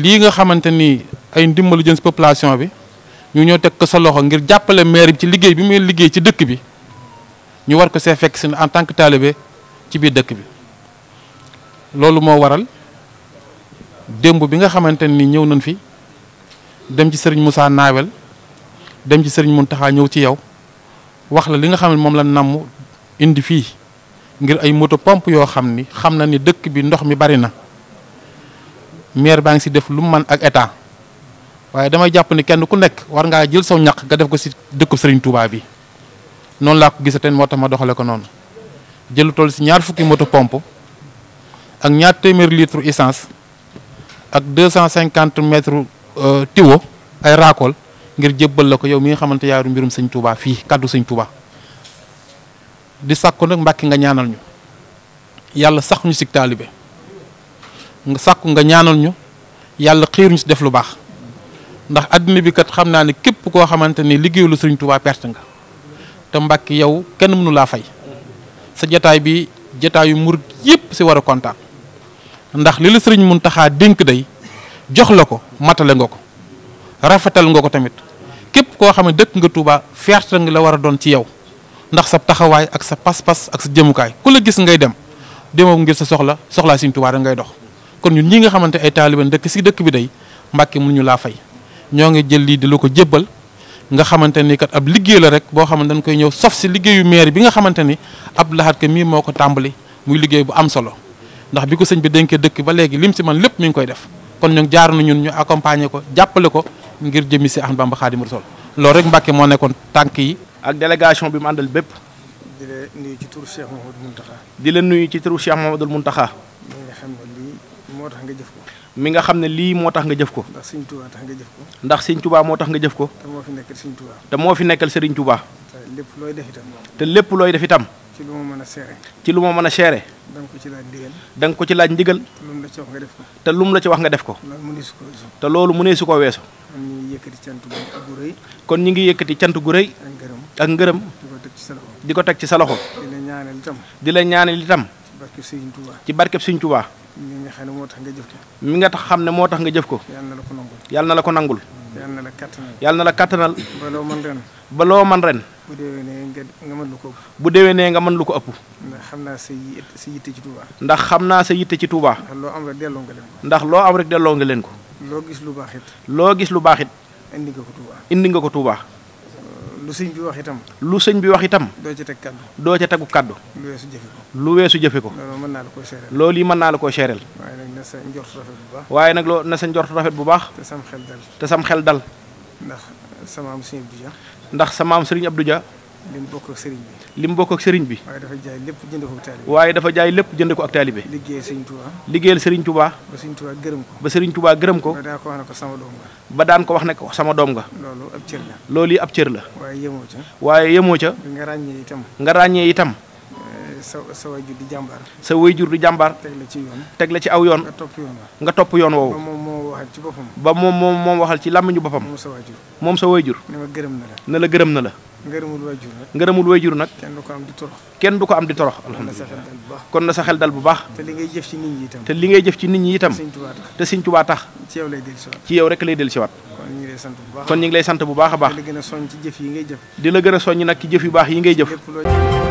lii nga xamante ni ay ndimbalu jëm si population bi ñu ñëw teg ko sa loxo ngir jàppale maire bi ci liggéey bi muy liggéey ci dëkk bi ñu war ko see fekk si en tant que talibé ci biir dëkk bi loolu moo waral démb bi nga xamante ni ñëw nañ fi dem ci sëriñ Moussa Nawel dem ci sëriñ taxaa ñëw ci yow wax la li nga xam moom la namm indi fii ngir ay moto pompe yoo xam ni xam na ni dëkk bi ndox mi bari na. maire baa ngi si def lu mu mën ak état waaye damay jàpp ni kenn ku nekk war ngaa jël saw ñaq nga def ko si dëkkub Serigne tubaa bi noonu laa ko gisateen moo tax ma doxale ko noonu jël toll si ñaar fukki moto pompe ak ñaar téeméeri litre essence ak deux cent cinquante mètres euh, tiwo ay raakool ngir jébbal la ko yow mi nga xamante yaaru mbirum sëñ Touba fii kàddu sëñ Touba di sàkku nag mbàkki nga ñaanal ñu yàlla sax ñu sig taalibe nga sàkku nga ñaanal ñu yàlla xiir ñu si def lu baax ndax adduna bi kat xam naa ne képp koo xamante ni liggéeyul Sëriñ Tuubaa perte nga te Mbàkke kenn mënu laa fay sa jataay bi jataayu murit yëpp si war a kontaan li la Sëriñ Muntaxaa dénk day jox la ko matale nga ko nga ko tamit képp koo xam ne dëkk nga Tuubaa fierté la war a ci yow ndax sa taxawaay ak sa pas ku la gis ngay dem demoo ngir sa soxla soxlaa Sëriñ Tuubaa rek dox kon ñun ñi nga xamante ay taaliban dëkk si dëkk bi day Mbàkke mënuñu laa fay ñoo ngi jël lii di lu ko jébbal nga xamante ni kat ab liggéey la rek boo xam ne dañ koy ñëw sof si liggéeyu maire bi nga xamante ni Abdou Lahad Ka mii moo ko tàmbali muy liggéey bu am solo ndax bi ko sëñ bi dénkee dëkk ba léegi lim si man lépp mi ngi koy def kon ñoom jaar na ñun ñu accompagner ko jàppale ko ngir jëmi si Ahmad Bamba Xaadimu Rasuul loolu rek Mbàkke moo nekkoon tànk yi ak délégation bi mu àndal bépp di leen nuyu ci turu Cheikh Mouhamadou Mountakha di leen tax nga jëf ko. mi nga xam ne lii moo tax nga jëf ko. ndax sëñ Tuubaa tax nga jëf ko. ndax sëñ Tuubaa moo tax nga jëf ko. te moo fi nekkal sëñ Tuubaa. te moo fi nekkal Serigne Tuubaa. te lépp looy def itam. te lépp looy def itam. ci lu ma mën a seere. ci lu ma mën a seere. da nga ko ci laaj ndigal. da nga ko ci laaj ndigal. te lu la ci wax nga def ko. te mu la ci wax nga te loolu mu ne su ko weesu. kon ñu ngi yëkkati cant gu rëy. ak ngërëm. di ko teg ci sa loxo. di la ñaanal itam. ci barkeb Sëriñ Tuubaa. mi nga xam ne moo tax nga jëf ko. mi nga tax xam ne moo tax nga jëf ko. yàlla na la ko nangul. yàlla na la ko nangul. yàlla na la kattanal. yàlla la kattanal. ba loo man ren. ba loo man ren. bu déwénee nga mën lu ko ëpp. bu déwénee nga mën lu ko ëpp. ndax xam naa sa yitte ci Touba. ndax xam naa sa yitte ci tuubaa ndax loo am rek delloo nga leen ko. ndax loo am rek delloo nga leen ko. loo gis lu baax loo gis lu baax it. indi nga ko Touba. nga ko Touba. lu sëñ bi wax itam. lu sëñ bi wax itam. doo ca teg kaddu. doo ca tegu kàddu lu weesu jëfe ko. lu ko. loolu mën naa la koo seereel. loolu yi mën naa la koy seereel. waaye nag na sa njort rafet waaye nag loo na sa njort rafet bu baax. te sam xel dal. te sam xel dal. ndax sa maam sëñ ndax sa maam Serigne Abdou lim bokk ak sëriñ bi. lim bokk ak bi. waaye dafa jaay lépp jënd ko ak taalibe. waaye dafa lépp jënd ko ak taalibe. liggéeyal sëriñ Touba. liggéeyal sëriñ Touba. ba sëriñ Touba gërëm ko. ba sëriñ Touba gërëm ko. daan ko wax ne ko sama doom nga. daan ko wax ne ko sama doom nga. loolu ab cër la. loolu la. waaye yemoo ca. waaye yemoo ca. nga ràññee itam. nga ràññee itam. Eh, sa sa wayjur di jàmbaar. sa wayjur di jàmbaar. teg la ci yoon. teg la ci aw yoon. nga topp yoon woowu. nga topp yoon woowu. ba moom moo ci boppam. ba moom moom waxal ci làmmiñu boppam. moom sa wayjur. moom sa wayjur. ne la gërëm na la. ne la gërëm na la. ngërëmul wayjur nag ngërëmul wayjur nag. kenn du ko am di torox. kenn du ko am di torox. alhamdulilah kon na sa xel dal bu baax. te li ngay jëf ci nit ñi itam. te li ngay jëf ci nit ñi itam. te Sëñ Tuubaa tax. ci yow lay dellusiwaat ci yow rek lay dellusiwaat. kon ñu ngi lay sant bu baax kon ñu ngi lay sant bu baax a baax. di la gën a soññ jëf yi ngay jëf. di la gën a soññ nag ci jëf yu baax yi ngay jëf.